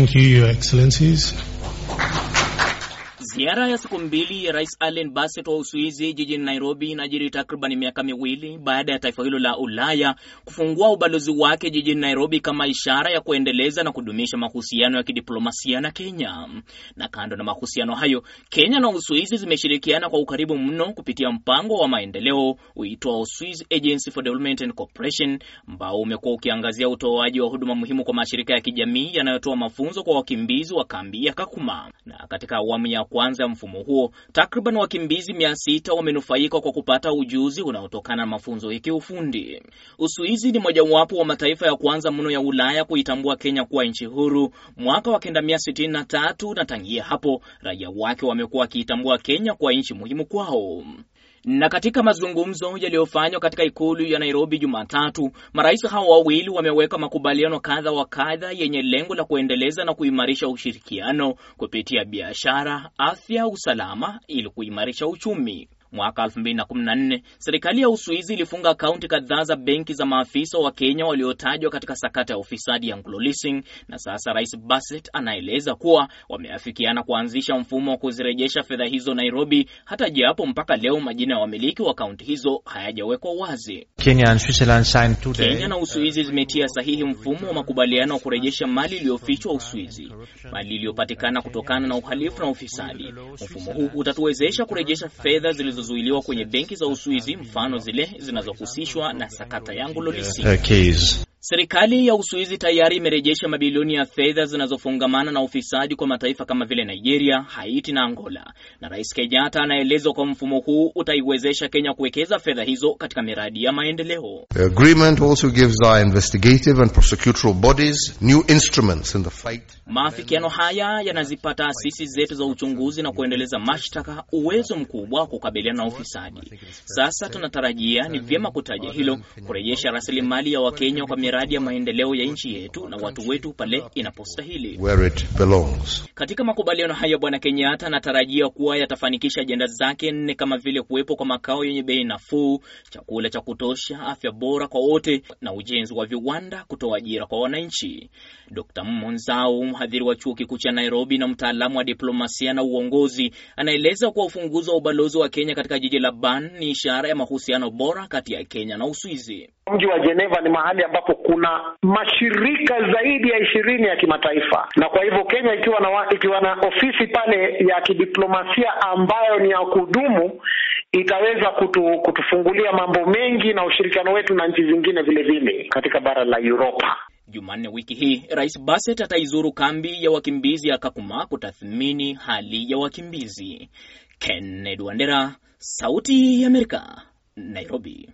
Thank you, Your Excellencies. Ziara ya siku mbili ya Rais Allen Baset wa Uswizi jijini Nairobi inajiri takriban miaka miwili baada ya taifa hilo la Ulaya kufungua ubalozi wake jijini Nairobi kama ishara ya kuendeleza na kudumisha mahusiano ya kidiplomasia na Kenya. Na kando na mahusiano hayo, Kenya na Uswizi zimeshirikiana kwa ukaribu mno kupitia mpango wa maendeleo uitwa Swiss Agency for Development and Cooperation ambao umekuwa ukiangazia utoaji wa huduma muhimu kwa mashirika ya kijamii yanayotoa mafunzo kwa wakimbizi wa kambi ya Kakuma na katika awamu ya kwa kuanza mfumo huo, takriban wakimbizi mia sita wamenufaika kwa kupata ujuzi unaotokana na mafunzo ya kiufundi. Uswizi ni mojawapo wa mataifa ya kwanza mno ya Ulaya kuitambua Kenya kuwa nchi huru mwaka wa 1963 na tangia hapo raia wake wamekuwa wakiitambua Kenya kwa nchi muhimu kwao. Na katika mazungumzo yaliyofanywa katika ikulu ya Nairobi Jumatatu, marais hao wawili wameweka makubaliano kadha wa kadha yenye lengo la kuendeleza na kuimarisha ushirikiano kupitia biashara, afya, usalama ili kuimarisha uchumi. Mwaka 2014 serikali ya Uswizi ilifunga akaunti kadhaa za benki za maafisa wa Kenya waliotajwa katika sakata ya ufisadi ya Ngulu Leasing, na sasa Rais Bassett anaeleza kuwa wameafikiana kuanzisha mfumo wa kuzirejesha fedha hizo Nairobi, hata japo mpaka leo majina ya wamiliki wa akaunti hizo hayajawekwa wazi. Kenya, and Switzerland signed today. Kenya na Uswizi zimetia sahihi mfumo wa makubaliano wa kurejesha mali iliyofichwa Uswizi, mali iliyopatikana kutokana na uhalifu na ufisadi. Mfumo huu utatuwezesha kurejesha fedha zilizozuiliwa kwenye benki za Uswizi, mfano zile zinazohusishwa na sakata yangu Lolisi. Uh, Serikali ya Uswizi tayari imerejesha mabilioni ya fedha zinazofungamana na ufisadi kwa mataifa kama vile Nigeria, Haiti na Angola, na Rais Kenyatta anaelezwa kwa mfumo huu utaiwezesha Kenya kuwekeza fedha hizo katika miradi ya maendeleo. The agreement also gives our investigative and prosecutorial bodies new instruments in the fight. Maafikiano haya yanazipa taasisi zetu za uchunguzi na kuendeleza mashtaka uwezo mkubwa wa kukabiliana na ufisadi. Sasa tunatarajia ni vyema kutaja hilo, kurejesha rasilimali ya Wakenya kwa miradi ya maendeleo ya nchi yetu na watu wetu pale inapostahili. Katika makubaliano hayo, Bwana Kenyatta anatarajia kuwa yatafanikisha ajenda zake nne kama vile kuwepo kwa makao yenye bei nafuu, chakula cha kutosha, afya bora kwa wote na ujenzi wa viwanda kutoa ajira kwa wananchi. d Monzau, mhadhiri wa Chuo Kikuu cha Nairobi na mtaalamu wa diplomasia na uongozi, anaeleza kuwa ufunguzi wa ubalozi wa Kenya katika jiji la Bern ni ishara ya mahusiano bora kati ya Kenya na Uswizi. Mji wa Geneva ni mahali ambapo kuna mashirika zaidi ya ishirini ya kimataifa, na kwa hivyo Kenya ikiwa na ikiwa na ofisi pale ya kidiplomasia ambayo ni ya kudumu itaweza kutu, kutufungulia mambo mengi na ushirikiano wetu na nchi zingine vile vile katika bara la Europa. Jumanne wiki hii Rais Bassett ataizuru kambi ya wakimbizi ya Kakuma kutathmini hali ya wakimbizi. Kennedy Wandera, Sauti ya Amerika, Nairobi.